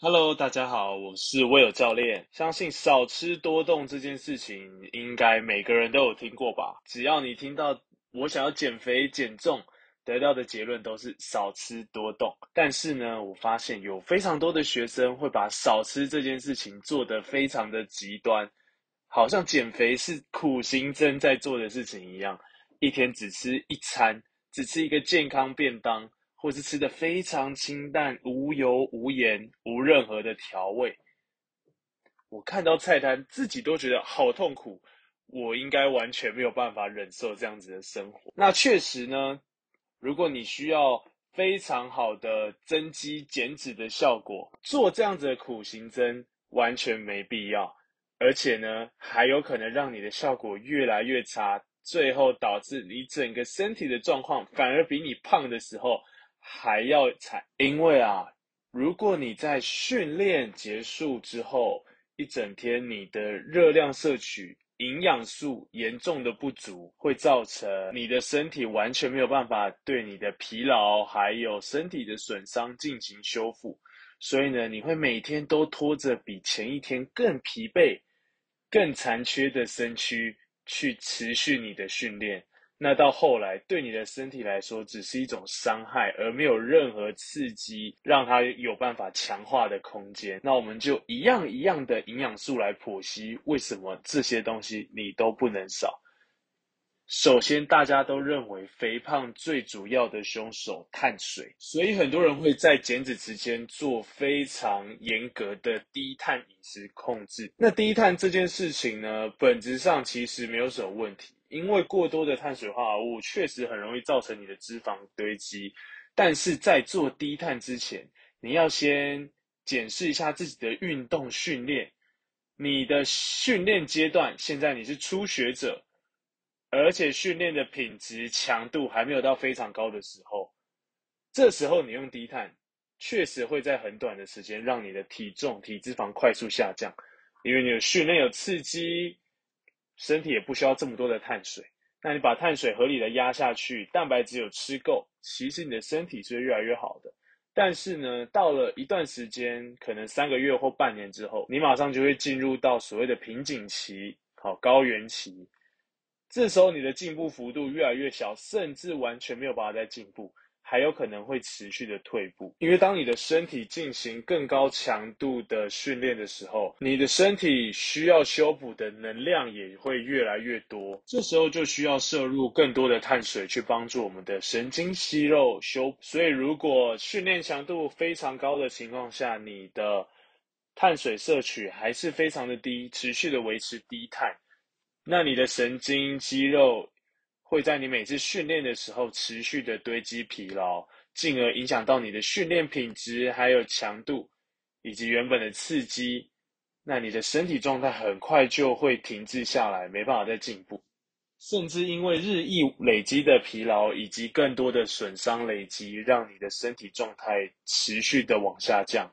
Hello，大家好，我是威爾教練。相信少吃多動這件事情，應該每個人都有聽過吧？只要你聽到我想要減肥減重，得到的結論都是少吃多動。但是呢，我發現有非常多的學生會把少吃這件事情做得非常的極端，好像減肥是苦行僧在做的事情一樣，一天只吃一餐，只吃一個健康便當。或是吃得非常清淡，無油、無鹽、無任何的調味，我看到菜單自己都覺得好痛苦。我應該完全沒有辦法忍受這樣子的生活。那確實呢，如果你需要非常好的增肌減脂的效果，做這樣子的苦行僧完全沒必要，而且呢還有可能讓你的效果越來越差，最後導致你整個身體的狀況反而比你胖的時候還要才，因為啊，如果你在訓練結束之後一整天，你的熱量攝取、營養素嚴重的不足，會造成你的身體完全沒有辦法對你的疲勞還有身體的損傷進行修復，所以呢，你會每天都拖着比前一天更疲憊、更殘缺的身軀去持續你的訓練。那到後來，對你的身體來說，只是一種傷害，而沒有任何刺激讓它有辦法強化的空間。那我們就一樣一樣的營養素來剖析，為什麼這些東西你都不能少。首先，大家都認為肥胖最主要的兇手碳水，所以很多人會在減脂期間做非常嚴格的低碳飲食控制。那低碳這件事情呢，本質上其實沒有什麼問題。因為過多的碳水化合物確實很容易造成你的脂肪堆積，但是在做低碳之前，你要先檢視一下自己的運動訓練。你的訓練階段，現在你是初學者，而且訓練的品質強度還沒有到非常高的時候，這時候你用低碳，確實會在很短的時間讓你的體重、體脂肪快速下降，因為你的訓練有刺激。身體也不需要這麼多的碳水，那你把碳水合理的壓下去，蛋白質有吃夠，其實你的身體是越來越好的。但是呢，到了一段時間，可能三個月或半年之後，你馬上就會進入到所謂的瓶頸期，好高原期。這時候你的進步幅度越來越小，甚至完全沒有辦法再進步。還有可能會持續的退步，因為當你的身體進行更高強度的訓練的時候，你的身體需要修補的能量也會越來越多。這時候就需要攝入更多的碳水去幫助我們的神經肌肉修補。所以，如果訓練強度非常高的情況下，你的碳水攝取還是非常的低，持續的維持低碳，那你的神經肌肉，會在你每次訓練的時候持續的堆積疲勞，進而影響到你的訓練品質，還有強度以及原本的刺激，那你的身體狀態很快就會停滯下來，沒辦法再進步，甚至因為日益累積的疲勞以及更多的損傷累積，讓你的身體狀態持續的往下降，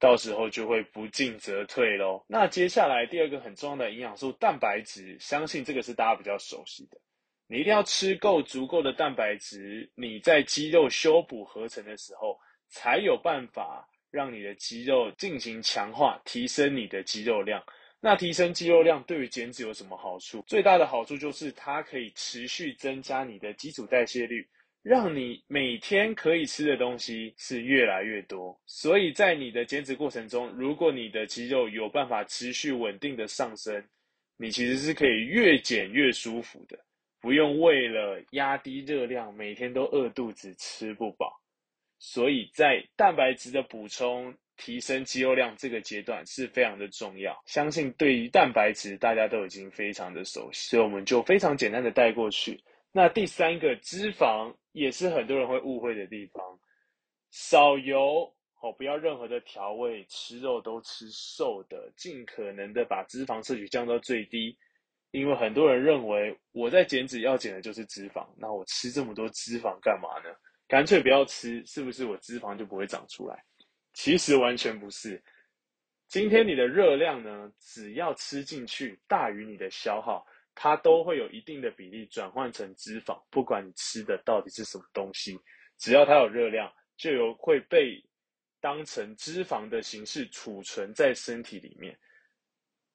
到時候就會不進則退咯。那接下來第二個很重要的營養素——蛋白質，相信這個是大家比較熟悉的。你一定要吃夠足夠的蛋白質，你在肌肉修補合成的時候，才有辦法讓你的肌肉進行強化，提升你的肌肉量。那提升肌肉量對於減脂有什麼好處？最大的好處就是它可以持續增加你的基礎代謝率，讓你每天可以吃的東西是越來越多。所以在你的減脂過程中，如果你的肌肉有辦法持續穩定的上升，你其實是可以越減越舒服的。不用為了壓低熱量，每天都餓肚子吃不飽，所以在蛋白質的補充、提升肌肉量這個階段是非常的重要。相信對於蛋白質大家都已經非常的熟悉，所以我們就非常簡單的帶過去。那第三個脂肪也是很多人會誤會的地方，少油哦，不要任何的調味，吃肉都吃瘦的，儘可能的把脂肪攝取降到最低。因為很多人認為我在減脂要減的就是脂肪，那我吃這麼多脂肪幹嘛呢？乾脆不要吃，是不是我脂肪就不會長出來？其實完全不是。今天你的熱量呢，只要吃進去大於你的消耗，它都會有一定的比例轉換成脂肪，不管你吃的到底是什麼東西，只要它有熱量，就有會被當成脂肪的形式儲存在身體裡面。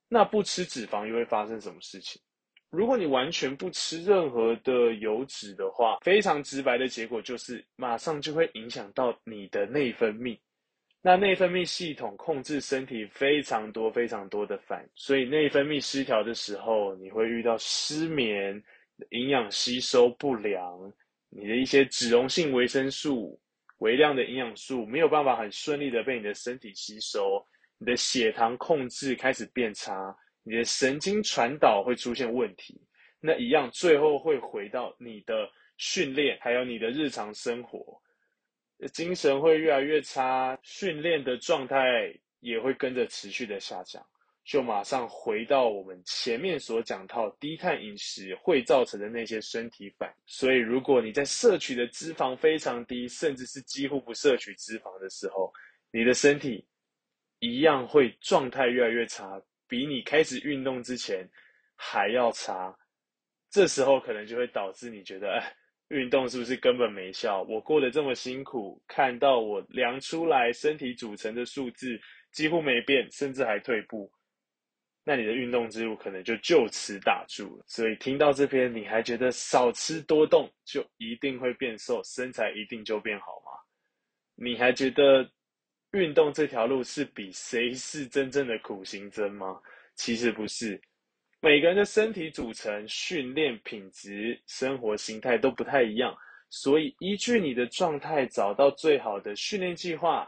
那不吃脂肪又會發生什麼事情？如果你完全不吃任何的油脂的話，非常直白的結果就是，馬上就會影響到你的內分泌。那內分泌系統控制身體非常多非常多的反應，所以內分泌失調的時候，你會遇到失眠、營養吸收不良，你的一些脂溶性維生素、微量的營養素沒有辦法很順利的被你的身體吸收。你的血糖控制開始變差，你的神經傳導會出現問題。那一樣，最後會回到你的訓練，還有你的日常生活，精神會越來越差，訓練的狀態也會跟着持續的下降，就馬上回到我們前面所講到低碳飲食會造成的那些身體反應。所以，如果你在攝取的脂肪非常低，甚至是幾乎不攝取脂肪的時候，你的身體。一樣會狀態越來越差，比你開始運動之前還要差。這時候可能就會導致你覺得，哎，運動是不是根本沒效？我過得這麼辛苦，看到我量出來身體組成的數字幾乎沒變，甚至還退步，那你的運動之路可能就就此打住了。所以聽到這邊，你還覺得少吃多動就一定會變瘦，身材一定就變好嗎？你還覺得？運動這條路是比誰是真正的苦行僧嗎？其實不是，每個人的身體組成、訓練品質、生活形態都不太一樣，所以依據你的狀態找到最好的訓練計劃、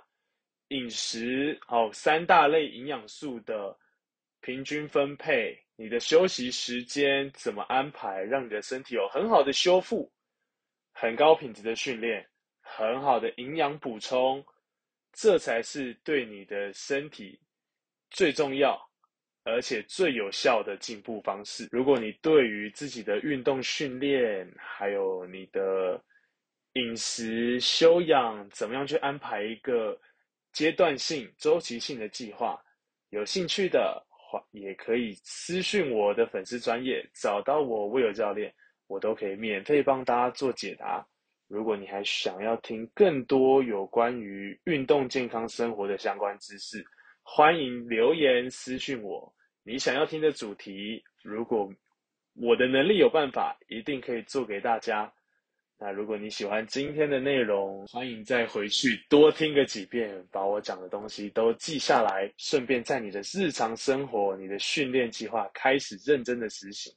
飲食哦，三大類營養素的平均分配，你的休息時間怎麼安排，讓你的身體有很好的修復，很高品質的訓練，很好的營養補充。這才是對你的身體最重要，而且最有效的進步方式。如果你對於自己的運動訓練，還有你的飲食、休養，怎麼樣去安排一個階段性、周期性的計劃，有興趣的話，也可以私訊我的粉絲專頁，找到我 Will 教練，我都可以免費幫大家做解答。如果你還想要聽更多有關於運動健康生活的相關知識，歡迎留言私訊我。你想要聽的主題，如果我的能力有辦法，一定可以做給大家。那如果你喜歡今天的內容，歡迎再回去多聽個幾遍，把我講的東西都記下來，順便在你的日常生活、你的訓練計劃開始認真的實行，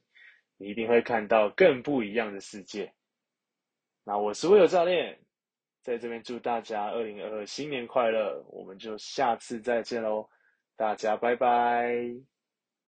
你一定會看到更不一樣的世界。那我是威爾教練，在這邊祝大家二零二二新年快樂，我們就下次再見嘍，大家拜拜。